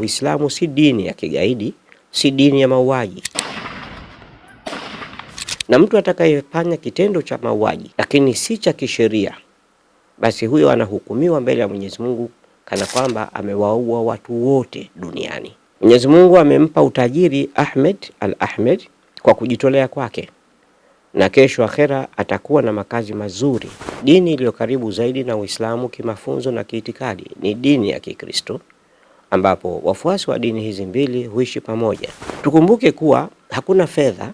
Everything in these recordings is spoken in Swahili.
Uislamu si dini ya kigaidi, si dini ya mauaji, na mtu atakayefanya kitendo cha mauaji lakini si cha kisheria, basi huyo anahukumiwa mbele ya Mwenyezi Mungu kana kwamba amewaua watu wote duniani. Mwenyezi Mungu amempa utajiri Ahmed Al Ahmed kwa kujitolea kwake na kesho akhera atakuwa na makazi mazuri. Dini iliyo karibu zaidi na Uislamu kimafunzo na kiitikadi ni dini ya Kikristo, ambapo wafuasi wa dini hizi mbili huishi pamoja. Tukumbuke kuwa hakuna fedha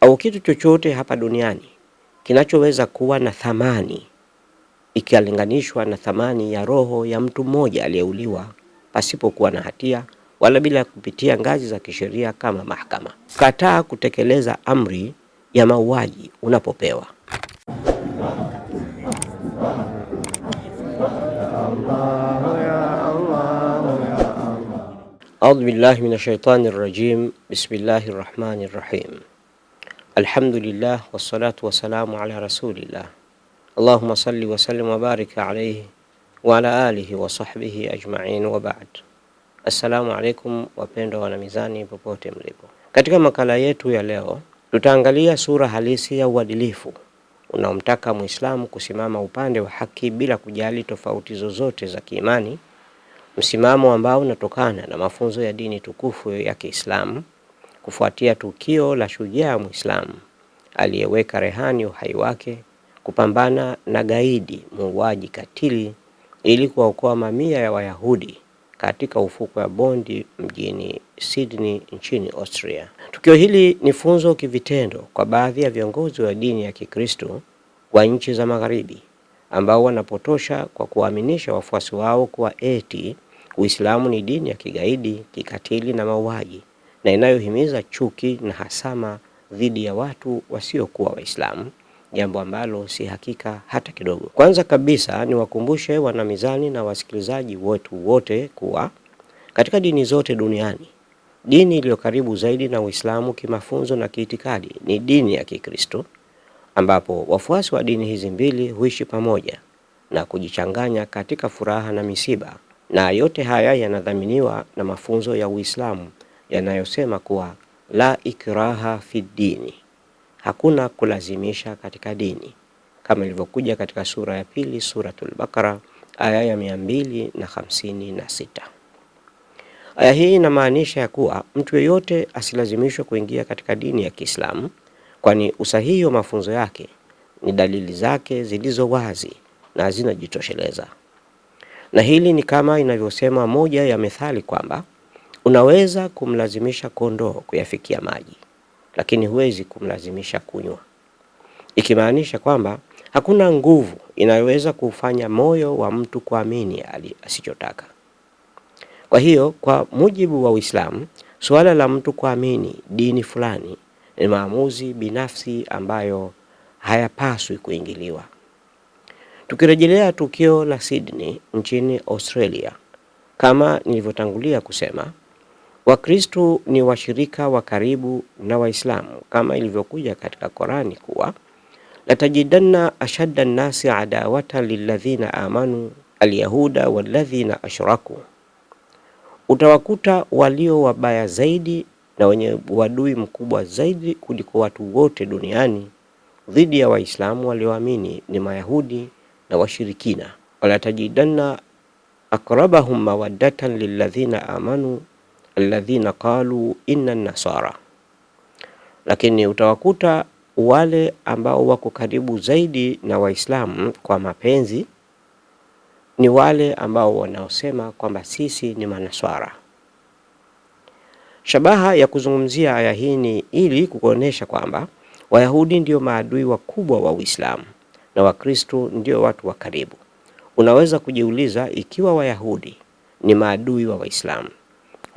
au kitu chochote hapa duniani kinachoweza kuwa na thamani ikilinganishwa na thamani ya roho ya mtu mmoja aliyeuliwa pasipokuwa na hatia wala bila kupitia ngazi za kisheria kama mahakama. Kataa kutekeleza amri ya mauaji unapopewa. Audhu billahi min shaitani rajim. Bismillahi rahmani rahim. Alhamdulillah wassalatu wassalamu ala rasulillah. Allahumma salli wasallim wabarik alayhi wa ala alihi wa sahbihi ajmain wa ba'd. Assalamu alaikum wapendwa wanamizani popote mlipo, katika makala yetu ya leo Tutaangalia sura halisi ya uadilifu unaomtaka Muislamu kusimama upande wa haki bila kujali tofauti zozote za kiimani, msimamo ambao unatokana na mafunzo ya dini tukufu ya Kiislamu kufuatia tukio la shujaa Muislamu aliyeweka rehani uhai wake kupambana na gaidi muuaji katili ili kuwaokoa mamia ya Wayahudi katika ufukwe wa Bondi mjini Sydney nchini Austria. Tukio hili ni funzo kivitendo kwa baadhi ya viongozi wa dini ya Kikristo wa nchi za Magharibi ambao wanapotosha kwa kuwaaminisha wafuasi wao kuwa eti Uislamu ni dini ya kigaidi, kikatili na mauaji na inayohimiza chuki na hasama dhidi ya watu wasiokuwa Waislamu jambo ambalo si hakika hata kidogo. Kwanza kabisa niwakumbushe wanamizani na wasikilizaji wetu wote kuwa katika dini zote duniani dini iliyo karibu zaidi na Uislamu kimafunzo na kiitikadi ni dini ya Kikristo, ambapo wafuasi wa dini hizi mbili huishi pamoja na kujichanganya katika furaha na misiba, na yote haya yanadhaminiwa na mafunzo ya Uislamu yanayosema kuwa la ikraha fi dini, Hakuna kulazimisha katika dini kama ilivyokuja katika sura ya pili, Suratul Bakara aya ya mia mbili na hamsini na sita. Aya hii inamaanisha ya kuwa mtu yeyote asilazimishwe kuingia katika dini ya Kiislamu, kwani usahihi wa mafunzo yake ni dalili zake zilizo wazi na zinajitosheleza. Na hili ni kama inavyosema moja ya methali kwamba unaweza kumlazimisha kondoo kuyafikia maji, lakini huwezi kumlazimisha kunywa, ikimaanisha kwamba hakuna nguvu inayoweza kufanya moyo wa mtu kuamini asichotaka. Kwa hiyo, kwa mujibu wa Uislamu, suala la mtu kuamini dini fulani ni maamuzi binafsi ambayo hayapaswi kuingiliwa. Tukirejelea tukio la Sydney nchini Australia, kama nilivyotangulia kusema, Wakristo ni washirika wa karibu na Waislamu kama ilivyokuja katika Qurani kuwa latajidanna ashadda nnasi adawatan lilladhina amanu alyahuda walladhina ashraku, utawakuta walio wabaya zaidi na wenye uadui mkubwa zaidi kuliko watu wote duniani dhidi ya Waislamu walioamini ni Mayahudi na washirikina. Walatajidanna akrabahum mawaddatan lilladhina amanu alladhina qalu inna nasara, lakini utawakuta wale ambao wako karibu zaidi na Waislamu kwa mapenzi ni wale ambao wanaosema kwamba sisi ni manaswara. Shabaha ya kuzungumzia aya hii ni ili kukuonyesha kwamba Wayahudi ndio maadui wakubwa wa Uislamu na Wakristo ndio watu wa karibu. Unaweza kujiuliza ikiwa Wayahudi ni maadui wa Waislamu,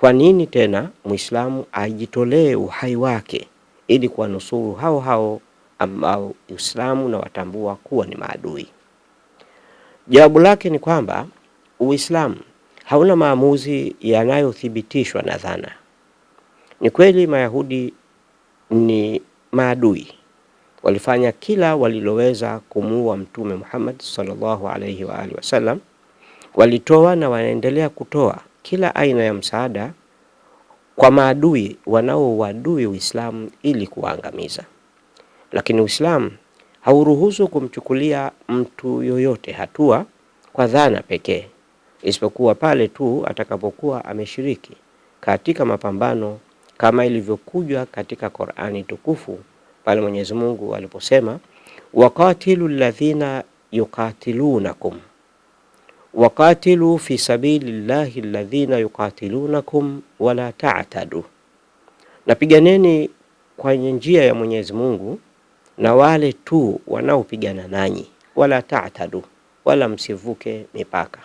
kwa nini tena Muislamu ajitolee uhai wake ili kuwanusuru hao hao ambao Uislamu unawatambua kuwa ni maadui? Jawabu lake ni kwamba Uislamu hauna maamuzi yanayothibitishwa na dhana. Ni kweli Mayahudi ni maadui, walifanya kila waliloweza kumuua Mtume Muhammad sallallahu alaihi wa alihi wasallam, walitoa na wanaendelea kutoa kila aina ya msaada kwa maadui wanaowadui Uislamu ili kuwaangamiza. Lakini Uislamu hauruhusu kumchukulia mtu yoyote hatua kwa dhana pekee, isipokuwa pale tu atakapokuwa ameshiriki katika mapambano kama ilivyokujwa katika Qur'ani tukufu pale Mwenyezi Mungu aliposema, waqatilu alladhina yuqatilunakum waqatilu fi sabili llahi alladhina yuqatilunakum wala ta'tadu, napiganeni kwenye njia ya Mwenyezi Mungu na wale tu wanaopigana nanyi, wala ta'tadu, wala msivuke mipaka.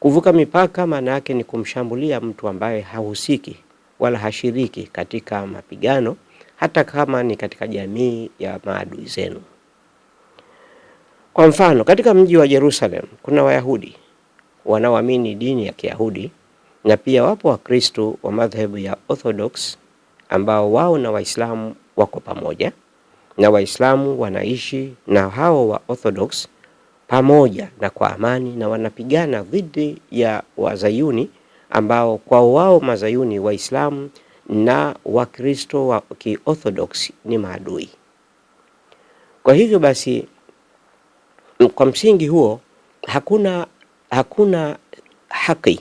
Kuvuka mipaka maana yake ni kumshambulia mtu ambaye hahusiki wala hashiriki katika mapigano, hata kama ni katika jamii ya maadui zenu. Kwa mfano, katika mji wa jerusalem kuna Wayahudi wanaoamini dini ya Kiyahudi na pia wapo Wakristo wa madhehebu ya Orthodox ambao wao na Waislamu wako pamoja na Waislamu wanaishi na hao wa Orthodox pamoja na kwa amani na wanapigana dhidi ya Wazayuni ambao kwa wao Mazayuni Waislamu na Wakristo wa Kiorthodox ni maadui. Kwa hivyo basi kwa msingi huo hakuna, hakuna haki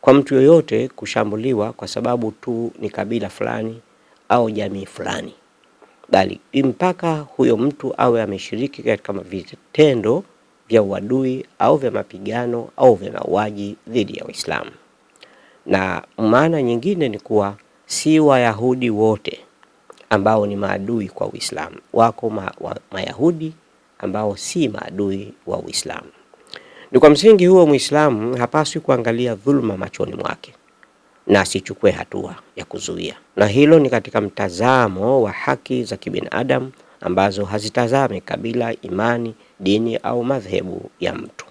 kwa mtu yoyote kushambuliwa kwa sababu tu ni kabila fulani au jamii fulani, bali mpaka huyo mtu awe ameshiriki katika vitendo vya uadui au vya mapigano au vya mauaji dhidi ya Uislamu. Na maana nyingine ni kuwa si Wayahudi wote ambao ni maadui kwa Uislamu, wako ma, wa, Mayahudi ambao si maadui wa Uislamu. Ni kwa msingi huo Muislamu hapaswi kuangalia dhuluma machoni mwake na asichukue hatua ya kuzuia, na hilo ni katika mtazamo wa haki za kibinadamu ambazo hazitazame kabila, imani, dini au madhehebu ya mtu.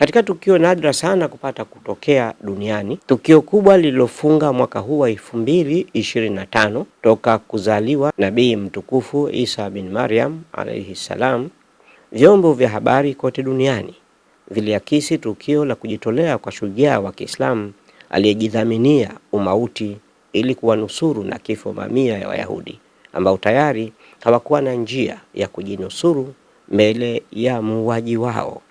Katika tukio nadra sana kupata kutokea duniani, tukio kubwa lililofunga mwaka huu wa elfu mbili ishirini na tano toka kuzaliwa nabii mtukufu Isa bin Maryam alaihi salam, vyombo vya habari kote duniani viliakisi tukio la kujitolea kwa shujaa wa Kiislamu aliyejidhaminia umauti ili kuwanusuru na kifo mamia ya Wayahudi ambao tayari hawakuwa na njia ya kujinusuru mbele ya muuaji wao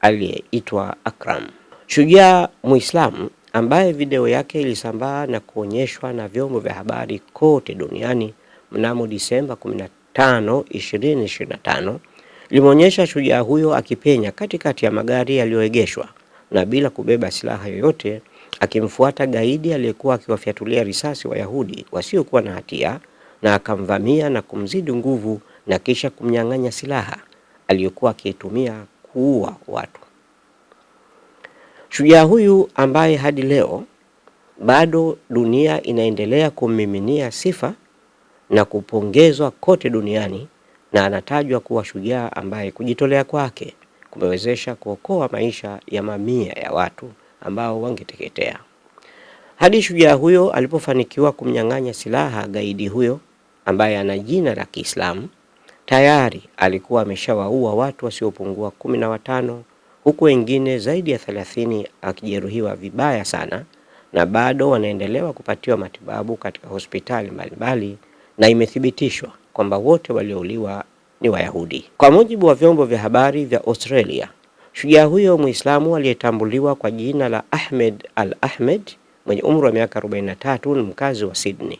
aliyeitwa Akram, shujaa Muislamu ambaye video yake ilisambaa na kuonyeshwa na vyombo vya habari kote duniani mnamo Disemba 15, 2025 limeonyesha shujaa huyo akipenya katikati ya magari yaliyoegeshwa na bila kubeba silaha yoyote akimfuata gaidi aliyekuwa akiwafyatulia risasi Wayahudi wasiokuwa na hatia na akamvamia na kumzidi nguvu na kisha kumnyang'anya silaha aliyokuwa akiitumia kuua watu. Shujaa huyu ambaye hadi leo bado dunia inaendelea kummiminia sifa na kupongezwa kote duniani na anatajwa kuwa shujaa ambaye kujitolea kwake kumewezesha kuokoa maisha ya mamia ya watu ambao wangeteketea. Hadi shujaa huyo alipofanikiwa kumnyang'anya silaha gaidi huyo ambaye ana jina la Kiislamu tayari alikuwa ameshawaua watu wasiopungua kumi na watano huku wengine zaidi ya thelathini akijeruhiwa vibaya sana na bado wanaendelewa kupatiwa matibabu katika hospitali mbalimbali, na imethibitishwa kwamba wote waliouliwa ni Wayahudi. Kwa mujibu wa vyombo vya habari vya Australia, shujaa huyo Mwislamu aliyetambuliwa kwa jina la Ahmed Al Ahmed mwenye umri wa miaka 43 ni mkazi wa Sydney.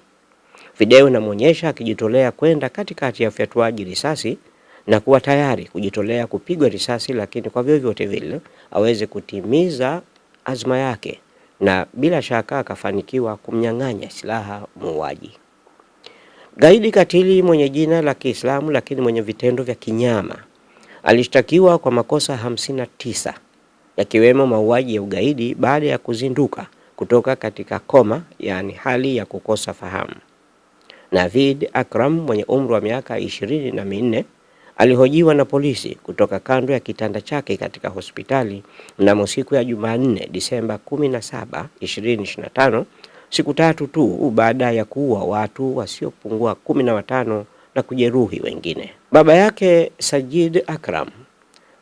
Video inamwonyesha akijitolea kwenda katikati ya ufyatuaji risasi na kuwa tayari kujitolea kupigwa risasi, lakini kwa vyovyote vile aweze kutimiza azma yake, na bila shaka akafanikiwa kumnyang'anya silaha muuaji. Gaidi katili mwenye jina la Kiislamu lakini mwenye vitendo vya kinyama alishtakiwa kwa makosa 59 yakiwemo mauaji ya ugaidi baada ya kuzinduka kutoka katika koma, yaani hali ya kukosa fahamu. Navid Akram mwenye umri wa miaka ishirini na minne alihojiwa na polisi kutoka kando ya kitanda chake katika hospitali mnamo siku ya Jumanne Disemba 17, 2025, siku tatu tu baada ya kuua watu wasiopungua kumi na watano na kujeruhi wengine. Baba yake Sajid Akram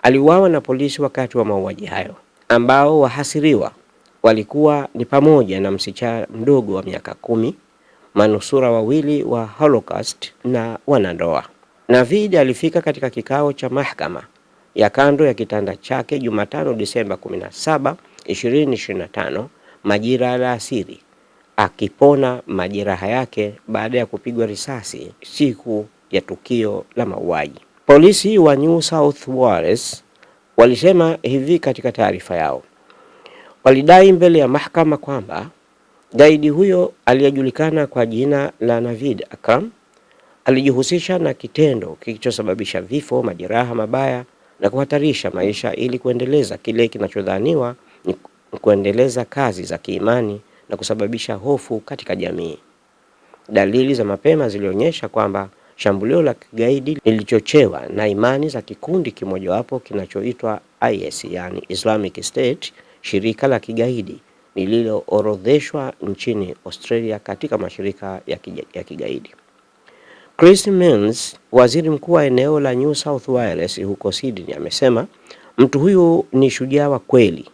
aliuawa na polisi wakati wa mauaji hayo ambao wahasiriwa walikuwa ni pamoja na msichana mdogo wa miaka kumi manusura wawili wa Holocaust na wanandoa. Navid alifika katika kikao cha mahakama ya kando ya kitanda chake Jumatano Disemba 17, 2025 majira ya alasiri akipona majeraha yake baada ya kupigwa risasi siku ya tukio la mauaji. Polisi wa New South Wales walisema hivi katika taarifa yao. Walidai mbele ya mahakama kwamba Gaidi huyo aliyejulikana kwa jina la Navid Akram alijihusisha na kitendo kilichosababisha vifo, majeraha mabaya na kuhatarisha maisha ili kuendeleza kile kinachodhaniwa ni kuendeleza kazi za kiimani na kusababisha hofu katika jamii. Dalili za mapema zilionyesha kwamba shambulio la kigaidi lilichochewa na imani za kikundi kimojawapo kinachoitwa IS, yani Islamic State, shirika la kigaidi lililoorodheshwa nchini Australia katika mashirika ya kigaidi. Chris Minns, waziri mkuu wa eneo la New South Wales huko Sydney, amesema mtu huyu ni shujaa wa kweli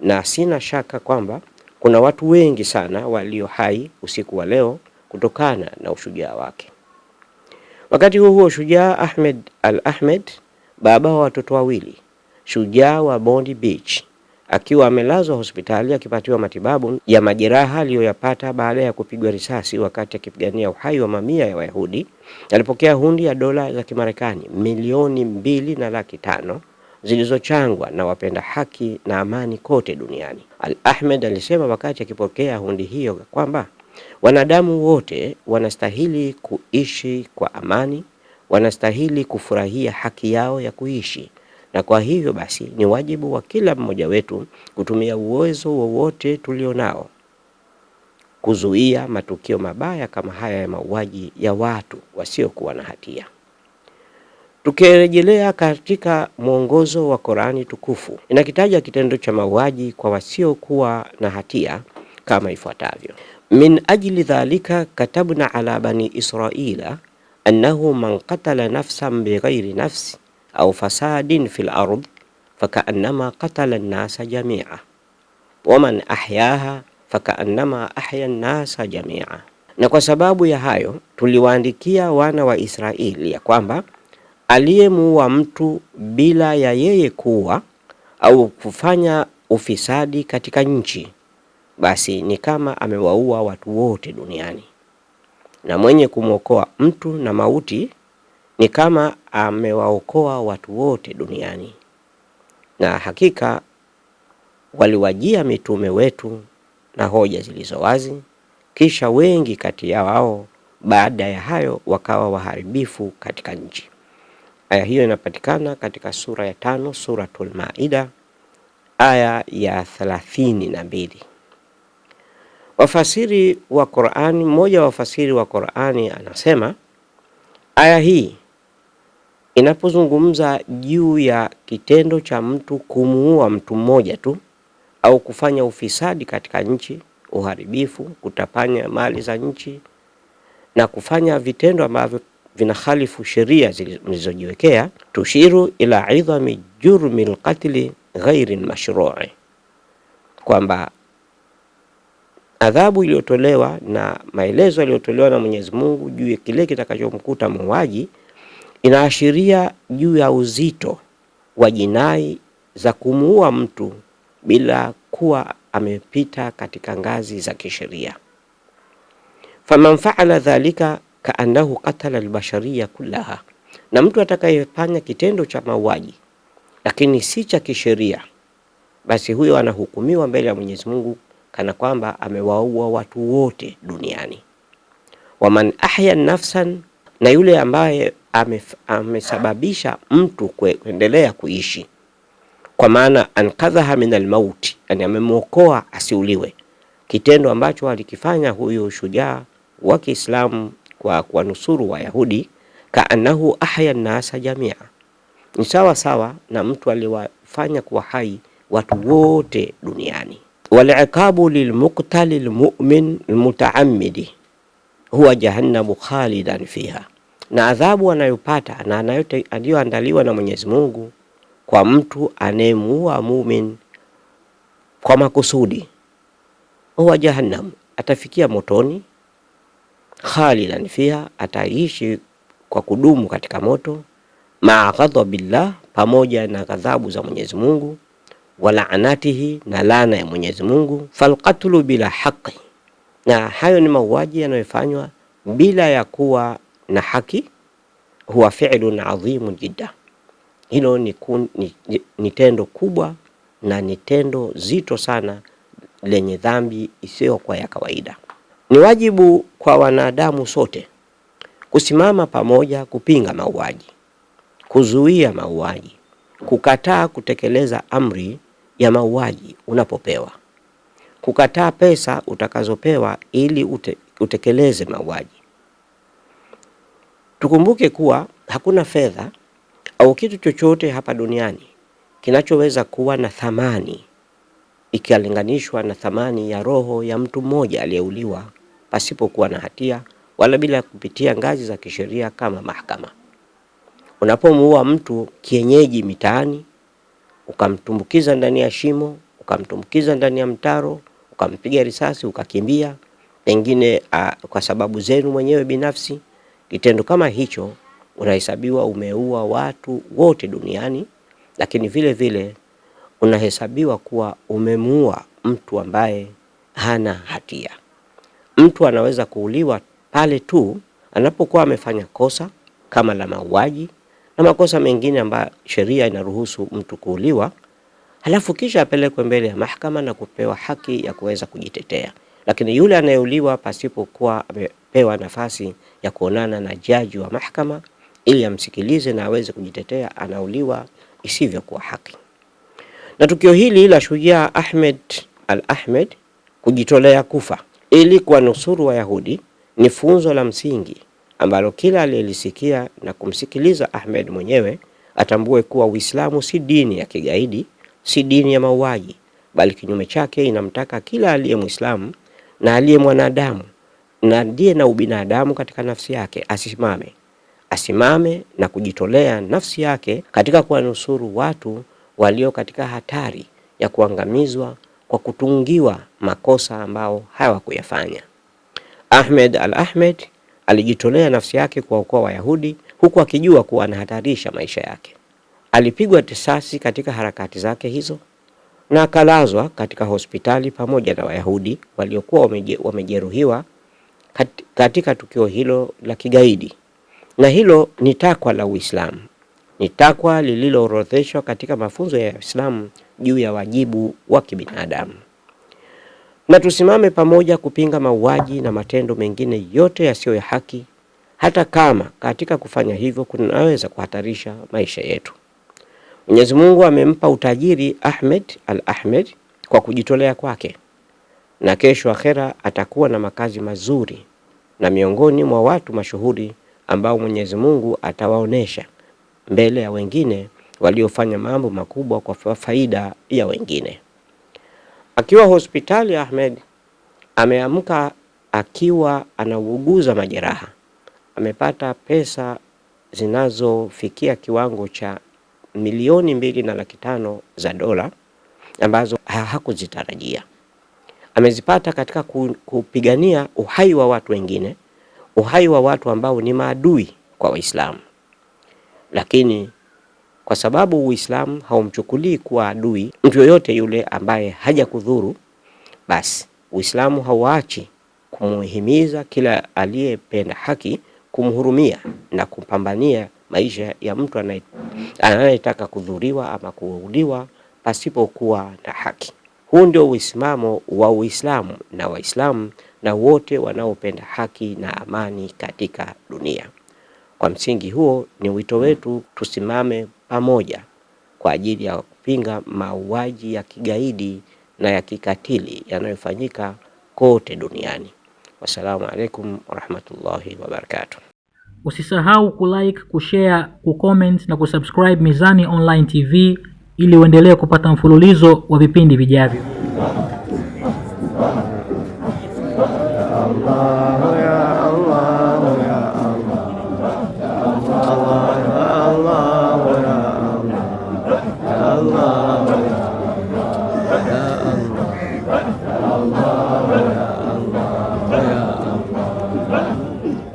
na sina shaka kwamba kuna watu wengi sana walio hai usiku wa leo kutokana na ushujaa wake. Wakati huo huo, shujaa Ahmed Al Ahmed, baba wa watoto wawili, shujaa wa Bondi Beach akiwa amelazwa hospitali akipatiwa matibabu ya majeraha aliyoyapata baada ya kupigwa risasi wakati akipigania uhai wa mamia ya Wayahudi. Alipokea hundi ya dola za Kimarekani milioni mbili na laki tano zilizochangwa na wapenda haki na amani kote duniani. Al Ahmed alisema wakati akipokea hundi hiyo kwamba wanadamu wote wanastahili kuishi kwa amani, wanastahili kufurahia haki yao ya kuishi na kwa hivyo basi ni wajibu wa kila mmoja wetu kutumia uwezo wowote tulionao kuzuia matukio mabaya kama haya ya mauaji ya watu wasiokuwa na hatia. Tukirejelea katika mwongozo wa Korani tukufu, inakitaja kitendo cha mauaji kwa wasiokuwa na hatia kama ifuatavyo: min ajli dhalika katabna ala bani israila annahu man qatala nafsan bighairi nafsi au fasadin fil ard fakaannama qatala nnasa jamia waman ahyaha fakaannama ahya nnasa jamia. Na kwa sababu ya hayo tuliwaandikia wana wa Israeli ya kwamba aliyemuua mtu bila ya yeye kuwa au kufanya ufisadi katika nchi, basi ni kama amewaua watu wote duniani, na mwenye kumwokoa mtu na mauti ni kama amewaokoa watu wote duniani, na hakika waliwajia mitume wetu na hoja zilizo wazi, kisha wengi kati ya wao baada ya hayo wakawa waharibifu katika nchi. Aya hiyo inapatikana katika sura ya tano Suratul Maida aya ya thelathini na mbili. Wafasiri wa Qur'ani, mmoja wa wafasiri wa Qur'ani anasema aya hii inapozungumza juu ya kitendo cha mtu kumuua mtu mmoja tu au kufanya ufisadi katika nchi, uharibifu, kutapanya mali za nchi na kufanya vitendo ambavyo vinakhalifu sheria zilizojiwekea, tushiru ila idhami jurmi lqatli ghairi mashrui, kwamba adhabu iliyotolewa na maelezo yaliyotolewa na Mwenyezi Mungu juu ya kile kitakachomkuta muuaji inaashiria juu ya uzito wa jinai za kumuua mtu bila kuwa amepita katika ngazi za kisheria. Faman faala dhalika kaannahu qatala albashariya kullaha, na mtu atakayefanya kitendo cha mauaji lakini si cha kisheria, basi huyo anahukumiwa mbele ya Mwenyezi Mungu kana kwamba amewaua watu wote duniani. waman ahya nafsan na yule ambaye amesababisha mtu kuendelea kuishi, kwa maana ankadhaha min almauti, yani amemwokoa asiuliwe, kitendo ambacho alikifanya huyu shujaa wa Kiislamu kwa kuwanusuru Wayahudi, kaannahu ahya nasa jamia, ni sawa sawa na mtu aliwafanya kuwa hai watu wote duniani. Waliqabu lilmuktali lmumin lmutaamidi huwa jahannamu khalidan fiha na adhabu anayopata na aliyoandaliwa na Mwenyezi Mungu kwa mtu anayemuua mumin kwa makusudi, huwa jahannam, atafikia motoni, khalilan fiha, ataishi kwa kudumu katika moto, maa ghadhabillah, pamoja na ghadhabu za Mwenyezi Mungu, wa laanatihi, na laana ya Mwenyezi Mungu, falqatlu bila haqi, na hayo ni mauaji yanayofanywa bila ya kuwa na haki huwa fi'lun adhimun jidda, hilo ni, kun, ni, ni tendo kubwa na ni tendo zito sana lenye dhambi isiyokuwa ya kawaida. Ni wajibu kwa wanadamu sote kusimama pamoja kupinga mauaji, kuzuia mauaji, kukataa kutekeleza amri ya mauaji unapopewa, kukataa pesa utakazopewa ili ute, utekeleze mauaji Tukumbuke kuwa hakuna fedha au kitu chochote hapa duniani kinachoweza kuwa na thamani ikilinganishwa na thamani ya roho ya mtu mmoja aliyeuliwa pasipokuwa na hatia wala bila kupitia ngazi za kisheria kama mahakama. Unapomuua mtu kienyeji mitaani, ukamtumbukiza ndani ya shimo, ukamtumbukiza ndani ya mtaro, ukampiga risasi, ukakimbia pengine kwa sababu zenu mwenyewe binafsi Kitendo kama hicho unahesabiwa umeua watu wote duniani, lakini vile vile unahesabiwa kuwa umemuua mtu ambaye hana hatia. Mtu anaweza kuuliwa pale tu anapokuwa amefanya kosa kama la mauaji na makosa mengine ambayo sheria inaruhusu mtu kuuliwa, halafu kisha apelekwe mbele ya mahakama na kupewa haki ya kuweza kujitetea. Lakini yule anayeuliwa pasipokuwa amepewa nafasi ya kuonana na jaji wa mahakama ili amsikilize na aweze kujitetea, anauliwa isivyokuwa haki. Na tukio hili la shujaa Ahmed al-Ahmed kujitolea kufa ili kuwanusuru Wayahudi ni funzo la msingi ambalo kila aliyelisikia na kumsikiliza Ahmed mwenyewe atambue kuwa Uislamu si dini ya kigaidi, si dini ya mauaji, bali kinyume chake inamtaka kila aliye Mwislamu na aliye mwanadamu na ndiye na ubinadamu katika nafsi yake, asimame asimame na kujitolea nafsi yake katika kuwanusuru watu walio katika hatari ya kuangamizwa kwa kutungiwa makosa ambao hawakuyafanya. Ahmed al-Ahmed alijitolea nafsi yake kuwaokoa Wayahudi huku akijua kuwa anahatarisha maisha yake. Alipigwa risasi katika harakati zake hizo na akalazwa katika hospitali pamoja na Wayahudi waliokuwa wamejeruhiwa katika tukio hilo la kigaidi, na hilo ni takwa la Uislamu, ni takwa lililoorodheshwa katika mafunzo ya Uislamu juu ya wajibu wa kibinadamu. Na tusimame pamoja kupinga mauaji na matendo mengine yote yasiyo ya haki, hata kama katika kufanya hivyo kunaweza kuhatarisha maisha yetu. Mwenyezi Mungu amempa utajiri Ahmed Al Ahmed kwa kujitolea kwake na kesho akhera atakuwa na makazi mazuri na miongoni mwa watu mashuhuri ambao Mwenyezi Mungu atawaonesha mbele ya wengine waliofanya mambo makubwa kwa faida ya wengine. Akiwa hospitali, Ahmed ameamka akiwa anauguza majeraha. Amepata pesa zinazofikia kiwango cha milioni mbili na laki tano za dola ambazo hakuzitarajia amezipata katika kupigania uhai wa watu wengine, uhai wa watu ambao ni maadui kwa Waislamu, lakini kwa sababu Uislamu haumchukulii kuwa adui mtu yoyote yule ambaye haja kudhuru, basi Uislamu hauachi kumuhimiza kila aliyependa haki kumhurumia na kupambania maisha ya mtu anayetaka kudhuriwa ama kuuliwa pasipokuwa na haki. Huu ndio uislamu wa Uislamu na Waislamu na wote wanaopenda haki na amani katika dunia. Kwa msingi huo, ni wito wetu tusimame pamoja kwa ajili ya kupinga mauaji ya kigaidi na ya kikatili yanayofanyika kote duniani. Wassalamu alaikum warahmatullahi wabarakatuh. Usisahau kulike, kushare, kucomment na kusubscribe Mizani Online TV ili uendelee kupata mfululizo wa vipindi vijavyo.